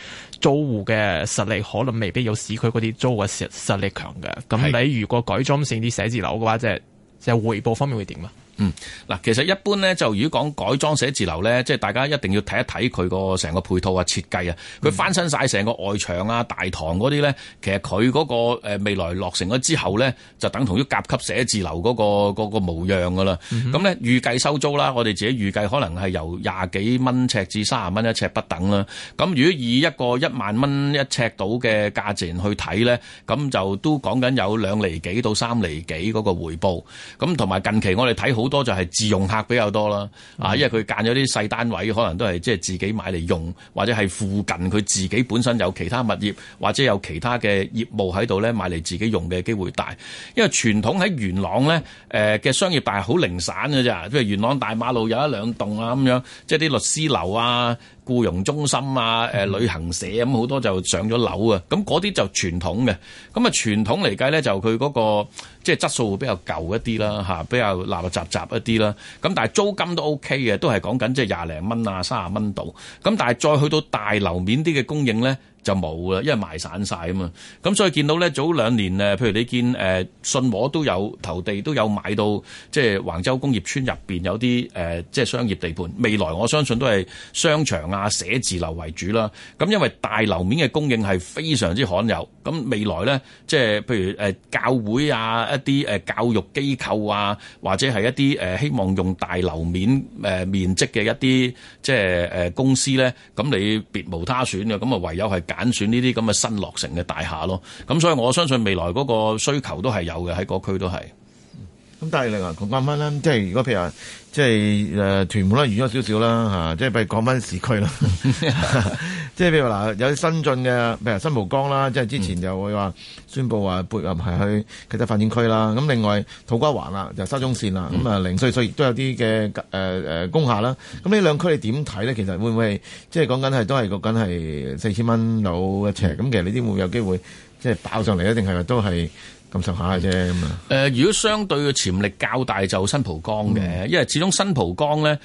租戶嘅實力可能未必有市區嗰啲租嘅實實力強嘅。咁、嗯、你如果改裝成啲寫字樓嘅話，是即係即係回報方面會點啊？嗯，嗱，其實一般咧，就如果講改裝寫字樓咧，即係大家一定要睇一睇佢個成個配套啊、設計啊，佢翻新晒成個外牆啊、大堂嗰啲咧，其實佢嗰個誒未來落成咗之後咧，就等同於甲級寫字樓嗰個嗰個模樣噶啦。咁咧，預計收租啦，我哋自己預計可能係由廿幾蚊尺至三十蚊一尺不等啦。咁如果以一個一萬蚊一尺到嘅價錢去睇咧，咁就都講緊有兩厘幾到三厘幾嗰個回報，咁同埋近期我哋睇好。多就係自用客比較多啦，啊，因為佢揀咗啲細單位，可能都係即係自己買嚟用，或者係附近佢自己本身有其他物業，或者有其他嘅業務喺度咧，買嚟自己用嘅機會大。因為傳統喺元朗咧，誒嘅商業大係好零散嘅咋，即係元朗大馬路有一兩棟啊咁樣，即係啲律師樓啊。雇傭中心啊、呃，旅行社咁好多就上咗樓啊，咁嗰啲就傳統嘅，咁啊傳統嚟計咧就佢嗰、嗰個即係、就是、質素會比較舊一啲啦，吓比較垃垃雜雜一啲啦，咁但係租金都 OK 嘅，都係講緊即係廿零蚊啊，三十蚊度，咁但係再去到大樓面啲嘅供應咧。就冇啦，因為賣散晒啊嘛，咁所以見到咧早兩年誒，譬如你見誒信和都有投地，都有買到即係、就是、橫州工業村入面有啲誒，即、呃、係、就是、商業地盤。未來我相信都係商場啊、寫字樓為主啦。咁因為大樓面嘅供應係非常之罕有，咁未來咧即係譬如誒、呃、教會啊一啲誒教育機構啊，或者係一啲誒希望用大樓面誒、呃、面積嘅一啲即係誒公司咧，咁你別無他選嘅，咁啊唯有係揀選呢啲咁嘅新落成嘅大廈咯，咁所以我相信未來嗰個需求都係有嘅，喺嗰區都係。咁但係另外講翻啦，即係如果譬如話即係誒屯門啦，遠咗少少啦嚇，即係譬如講翻市區啦。 即係譬如嗱，有啲新進嘅，譬如新蒲崗啦，即係之前就會話宣佈話撥入係去其他發展區啦。咁另外土瓜灣啦，就沙中線啦，咁啊、嗯、零碎碎亦都有啲嘅誒誒工廈啦。咁呢兩區你點睇咧？其實會唔會即係講緊係都係個緊係四千蚊到一尺？咁其實呢啲會,會有機會即係爆上嚟一定係都係？咁上下啫咁樣，誒、呃、如果相對嘅潛力較大就是、新蒲江嘅，嗯、因為始終新蒲崗咧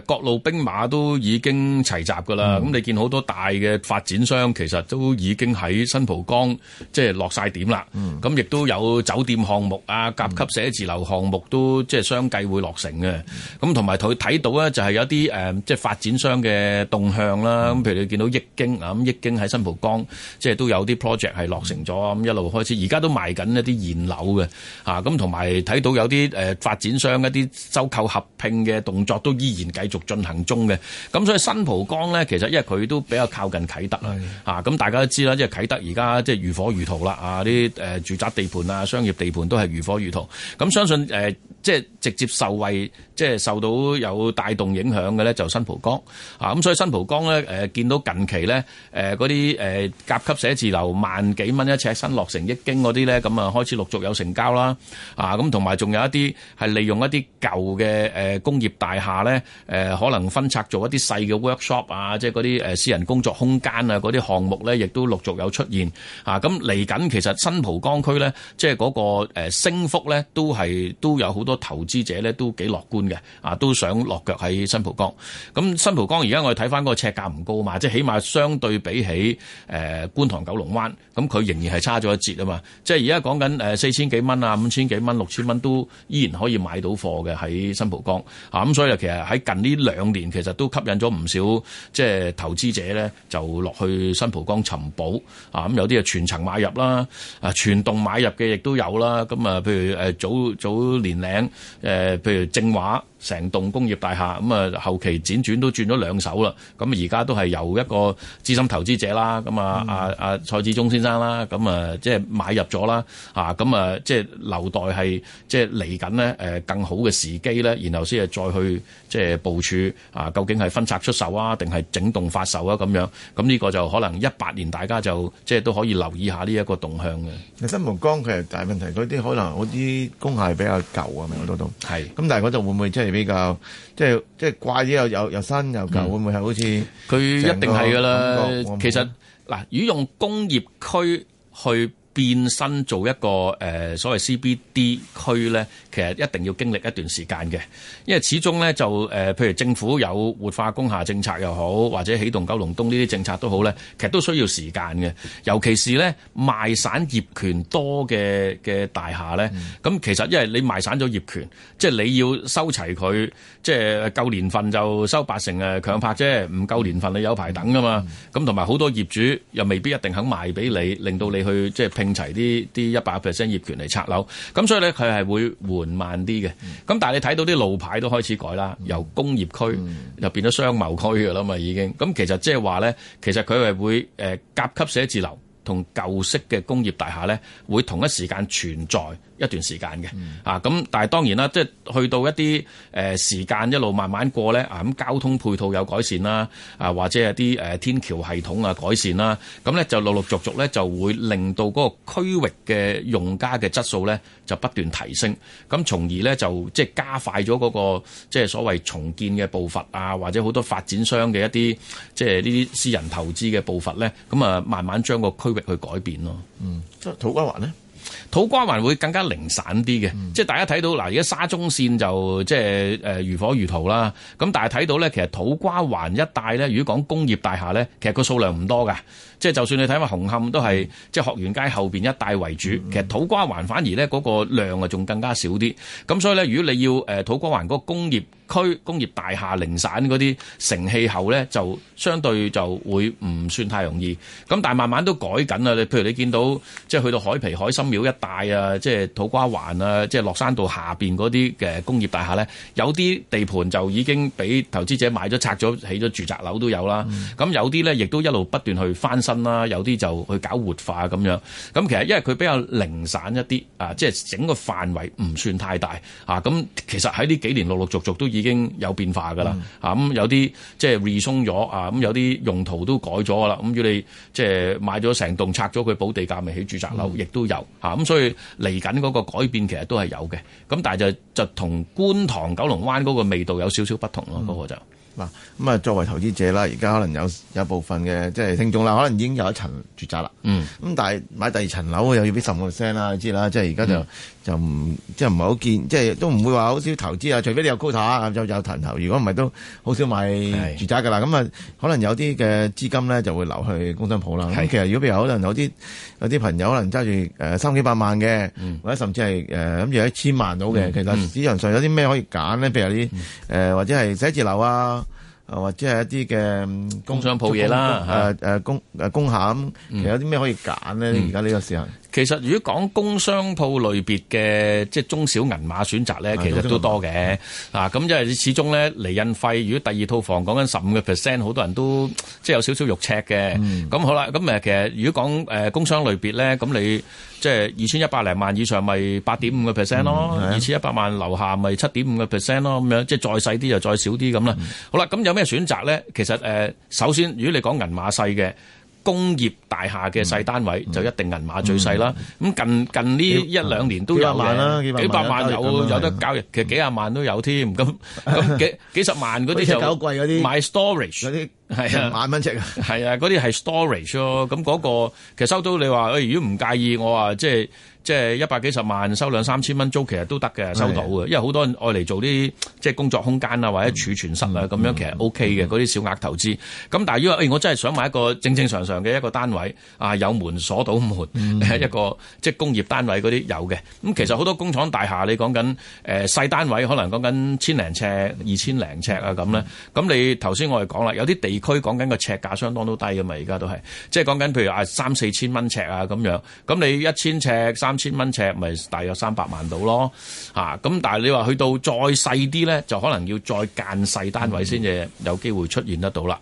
誒，各路兵馬都已經齊集㗎啦。咁、嗯、你見好多大嘅發展商其實都已經喺新蒲崗即係落晒點啦。咁亦、嗯、都有酒店項目啊、甲級寫字樓項目都即係、就是、相繼會落成嘅。咁同埋佢睇到咧、呃，就係有啲誒即係發展商嘅動向啦。咁、嗯、譬如你見到億京啊，咁、嗯、億京喺新蒲崗即係都有啲 project 係落成咗，咁、嗯、一路開始，而家都在賣緊。一啲現樓嘅啊，咁同埋睇到有啲誒發展商一啲收購合併嘅動作都依然繼續進行中嘅。咁所以新蒲江咧，其實因為佢都比較靠近啟德啊，吓咁的大家都知啦，即係啟德而家即係如火如荼啦啊，啲誒住宅地盤啊、商業地盤都係如火如荼，咁相信誒。即係直接受惠，即係受到有帶動影響嘅咧，就新蒲崗啊！咁所以新蒲崗咧，誒見到近期咧，誒嗰啲誒甲級寫字樓萬幾蚊一尺，新落成一經嗰啲咧，咁啊開始陸續有成交啦！啊咁同埋仲有一啲係利用一啲舊嘅誒工業大廈咧，誒可能分拆做一啲細嘅 workshop 啊，即係嗰啲誒私人工作空間啊，嗰啲項目咧，亦都陸續有出現啊！咁嚟緊其實新蒲崗區咧，即係嗰個誒升幅咧，都係都有好多。投資者咧都幾樂觀嘅，啊都想落腳喺新蒲崗。咁新蒲崗而家我哋睇翻嗰個尺價唔高嘛，即係起碼相對比起誒、呃、觀塘、九龍灣，咁佢仍然係差咗一截啊嘛。即係而家講緊誒四千幾蚊啊、五千幾蚊、六千蚊都依然可以買到貨嘅喺新蒲崗。啊。咁所以其實喺近呢兩年，其實都吸引咗唔少即係投資者咧，就落去新蒲崗尋寶啊。咁有啲啊全層買入啦，啊全棟買入嘅亦都有啦。咁啊，譬如誒早早年領。誒，譬如正話。成棟工業大廈咁啊，後期輾轉都轉咗兩手啦。咁而家都係由一個資深投資者啦，咁啊啊啊蔡志忠先生啦，咁啊即係買入咗啦。啊，咁啊即係留待係即係嚟緊呢，更好嘅時機咧，然後先係再去即係部署啊，究竟係分拆出售啊，定係整棟發售啊咁樣？咁、這、呢個就可能一八年大家就即係都可以留意下呢一個動向嘅。新蒲崗其實大問題嗰啲可能我啲工廈係比較舊啊，明多都係。咁是但係嗰度會唔會即係？比較即係即係怪啲又又又新又舊，嗯、會唔會係好似？佢一定係㗎喇。其實嗱，如果用工業區去，變身做一個誒、呃、所謂 CBD 區呢，其實一定要經歷一段時間嘅，因為始終呢，就誒、呃，譬如政府有活化工廈政策又好，或者起動九龍東呢啲政策都好呢，其實都需要時間嘅。尤其是呢，賣散業權多嘅嘅大廈呢，咁、嗯、其實因為你賣散咗業權，即係你要收齊佢，即係夠年份就收八成誒強拍啫，唔夠年份你有排等㗎嘛。咁同埋好多業主又未必一定肯賣俾你，令到你去即係。定齊啲啲一百 percent 業權，嚟拆樓，咁所以咧佢係會緩慢啲嘅。咁但係你睇到啲路牌都開始改啦，由工業區就變咗商貿區噶啦嘛已經。咁其實即係話咧，其實佢係會誒甲級寫字樓同舊式嘅工業大廈咧，會同一時間存在。一段時間嘅啊，咁但係當然啦，即係去到一啲誒時間一路慢慢過咧啊，咁交通配套有改善啦啊，或者係啲誒天橋系統啊改善啦，咁咧就陸陸續續咧就會令到嗰個區域嘅用家嘅質素咧就不斷提升，咁從而咧就即係加快咗嗰個即係所謂重建嘅步伐啊，或者好多發展商嘅一啲即係呢啲私人投資嘅步伐咧，咁啊慢慢將個區域去改變咯。嗯，即係土瓜灣咧。土瓜灣會更加零散啲嘅，即係、嗯、大家睇到嗱，而家沙中線就即係誒如火如荼啦。咁但係睇到咧，其實土瓜灣一帶咧，如果講工業大廈咧，其實個數量唔多㗎。即係就算你睇翻紅磡都係即係學園街後邊一帶為主。嗯、其實土瓜灣反而咧嗰個量啊，仲更加少啲。咁所以咧，如果你要誒土瓜灣嗰個工業區工業大廈零散嗰啲，成氣候咧，就相對就會唔算太容易。咁但係慢慢都改緊啊，你譬如你見到即係去到海皮、海心廟一帶啊，即係土瓜灣啊，即係落山道下邊嗰啲嘅工業大廈咧，有啲地盤就已經俾投資者買咗拆咗起咗住宅樓都有啦。咁、嗯、有啲咧，亦都一路不斷去翻新。啦，有啲就去搞活化咁樣，咁其實因為佢比較零散一啲啊，即係整個範圍唔算太大啊。咁其實喺呢幾年陸陸續續都已經有變化噶啦啊。咁、嗯、有啲即係鬆咗啊，咁有啲用途都改咗啦。咁如果你即係買咗成棟拆咗佢補地價，咪起住宅樓，亦都、嗯、有啊。咁所以嚟緊嗰個改變其實都係有嘅。咁但係就就同觀塘九龍灣嗰個味道有少少不同咯，嗰、嗯、個就。嗱，咁啊，作為投資者啦，而家可能有有部分嘅即係聽眾啦，可能已經有一層住宅啦，嗯，咁但係買第二層樓又要俾十個 percent 啦，你知啦，即係而家就。嗯就唔即係唔係好見，即係都唔會話好少投資啊！除非你有 quota 就騰頭。如果唔係，都好少買住宅㗎啦。咁啊是，可能有啲嘅資金咧就會流去工商鋪啦。咁是其實，如果譬如可能有啲有啲朋友可能揸住誒三幾百萬嘅，嗯、或者甚至係誒咁住一千萬到嘅，嗯、其實市場上有啲咩可以揀咧？譬如啲誒、呃、或者係寫字樓啊，或者係一啲嘅工，工商鋪嘢啦，工誒工、嗯、其實有啲咩可以揀咧？而家呢個時候。其實，如果講工商鋪類別嘅即係中小銀碼選擇咧，其實都多嘅。啊，咁因為始終咧釐印費，如果第二套房講緊十五個 percent，好多人都即係有少少肉赤嘅。咁、嗯、好啦，咁誒其實如果講誒工商類別咧，咁你即係二千一百零萬以上，咪八點五個 percent 咯；二千一百萬樓下，咪七點五個 percent 咯。咁樣即係再細啲，就再少啲咁啦。好啦，咁有咩選擇咧？其實誒、呃，首先如果你講銀碼細嘅。工業大廈嘅細單位就一定銀碼最細啦。咁近近呢一兩年都幾萬啦，幾百萬有有得交易，其實幾廿萬都有添。咁咁幾幾十萬嗰啲就買 storage 嗰啲係啊，萬蚊隻係啊，嗰啲係 storage 咯。咁嗰個其實收到你話，誒如果唔介意，我話即係。即係一百幾十萬收兩三千蚊租，其實都得嘅，收到嘅，的因為好多人愛嚟做啲即係工作空間啊，或者儲存室啊咁、嗯、樣，其實 OK 嘅嗰啲小額投資。咁、嗯、但係如果、哎、我真係想買一個正正常常嘅一個單位啊，有門鎖到門，嗯、 一個即係工業單位嗰啲有嘅。咁、嗯嗯、其實好多工廠大廈，你講緊誒細單位，可能講緊千零尺、二千零尺啊咁咧。咁、嗯、你頭先我哋講啦，有啲地區講緊個尺價相當都低嘅嘛，而家都係即係講緊譬如啊三四千蚊尺啊咁樣。咁你一千尺三。三千蚊尺，咪大約三百萬到咯吓。咁但係你話去到再細啲咧，就可能要再間細單位先至有機會出現得到啦。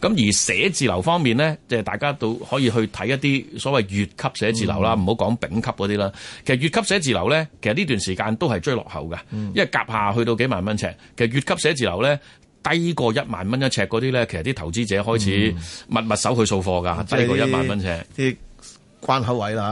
咁、嗯、而寫字樓方面咧，即係大家都可以去睇一啲所謂乙級寫字樓啦，唔好講丙級嗰啲啦。其實乙級寫字樓咧，其實呢段時間都係追落後嘅，因為、嗯、夾下去到幾萬蚊尺。其實乙級寫字樓咧，低過一萬蚊一尺嗰啲咧，其實啲投資者開始密密手去掃貨㗎，嗯、低過一萬蚊尺。關口位啦，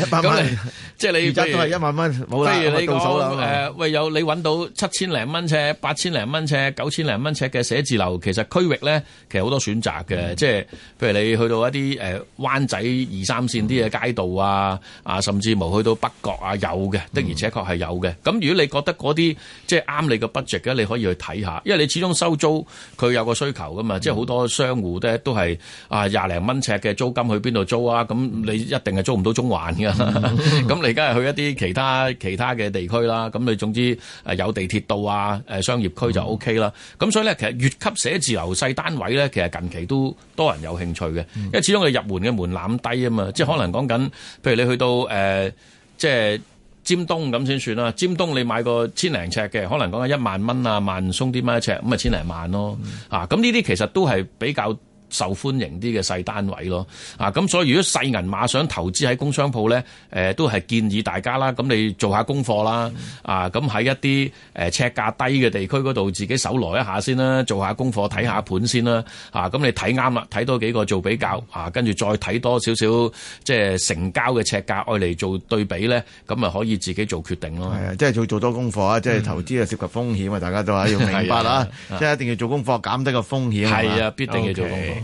一百蚊，即係你而家都係一萬蚊，冇啦，呢個數啦。誒、呃，喂，有你揾到七千零蚊尺，八千零蚊尺，九千零蚊尺嘅寫字樓，其實區域咧，其實好多選擇嘅。嗯、即係譬如你去到一啲誒、呃、灣仔二三線啲嘅街道啊，啊甚至無去到北角啊，有嘅，的而且確係有嘅。咁、嗯、如果你覺得嗰啲即係啱你嘅 budget 嘅，你可以去睇下，因為你始終收租佢有個需求噶嘛，即係好多商戶咧都係啊廿零蚊尺嘅租金去邊度租啊咁。你一定係租唔到中環嘅，咁、mm hmm. 你梗係去一啲其他其他嘅地區啦。咁你總之有地鐵到啊，商業區就 O、OK、K 啦。咁、mm hmm. 所以咧，其實越級寫字樓細單位咧，其實近期都多人有興趣嘅，因為始終佢入門嘅門檻低啊嘛。即係可能講緊，譬如你去到、呃、即係尖東咁先算啦。尖東你買個千零尺嘅，可能講緊一萬蚊啊，萬鬆啲乜一尺，咁啊千零萬咯。咁呢啲其實都係比較，受歡迎啲嘅細單位咯，啊咁所以如果細銀碼想投資喺工商鋪咧、呃，都係建議大家啦。咁你做下功課啦，啊咁喺一啲誒尺價低嘅地區嗰度自己搜羅一下先啦，做下功課睇下盤先啦，咁、啊、你睇啱啦，睇多幾個做比較，跟、啊、住再睇多少少即係成交嘅尺價愛嚟做對比咧，咁啊可以自己做決定咯。啊，即係做多功課啊！即係投資啊，涉及風險啊，嗯、大家都係要明白啦、啊、即係一定要做功課，減低個風險。啊，吧啊，必定要做功課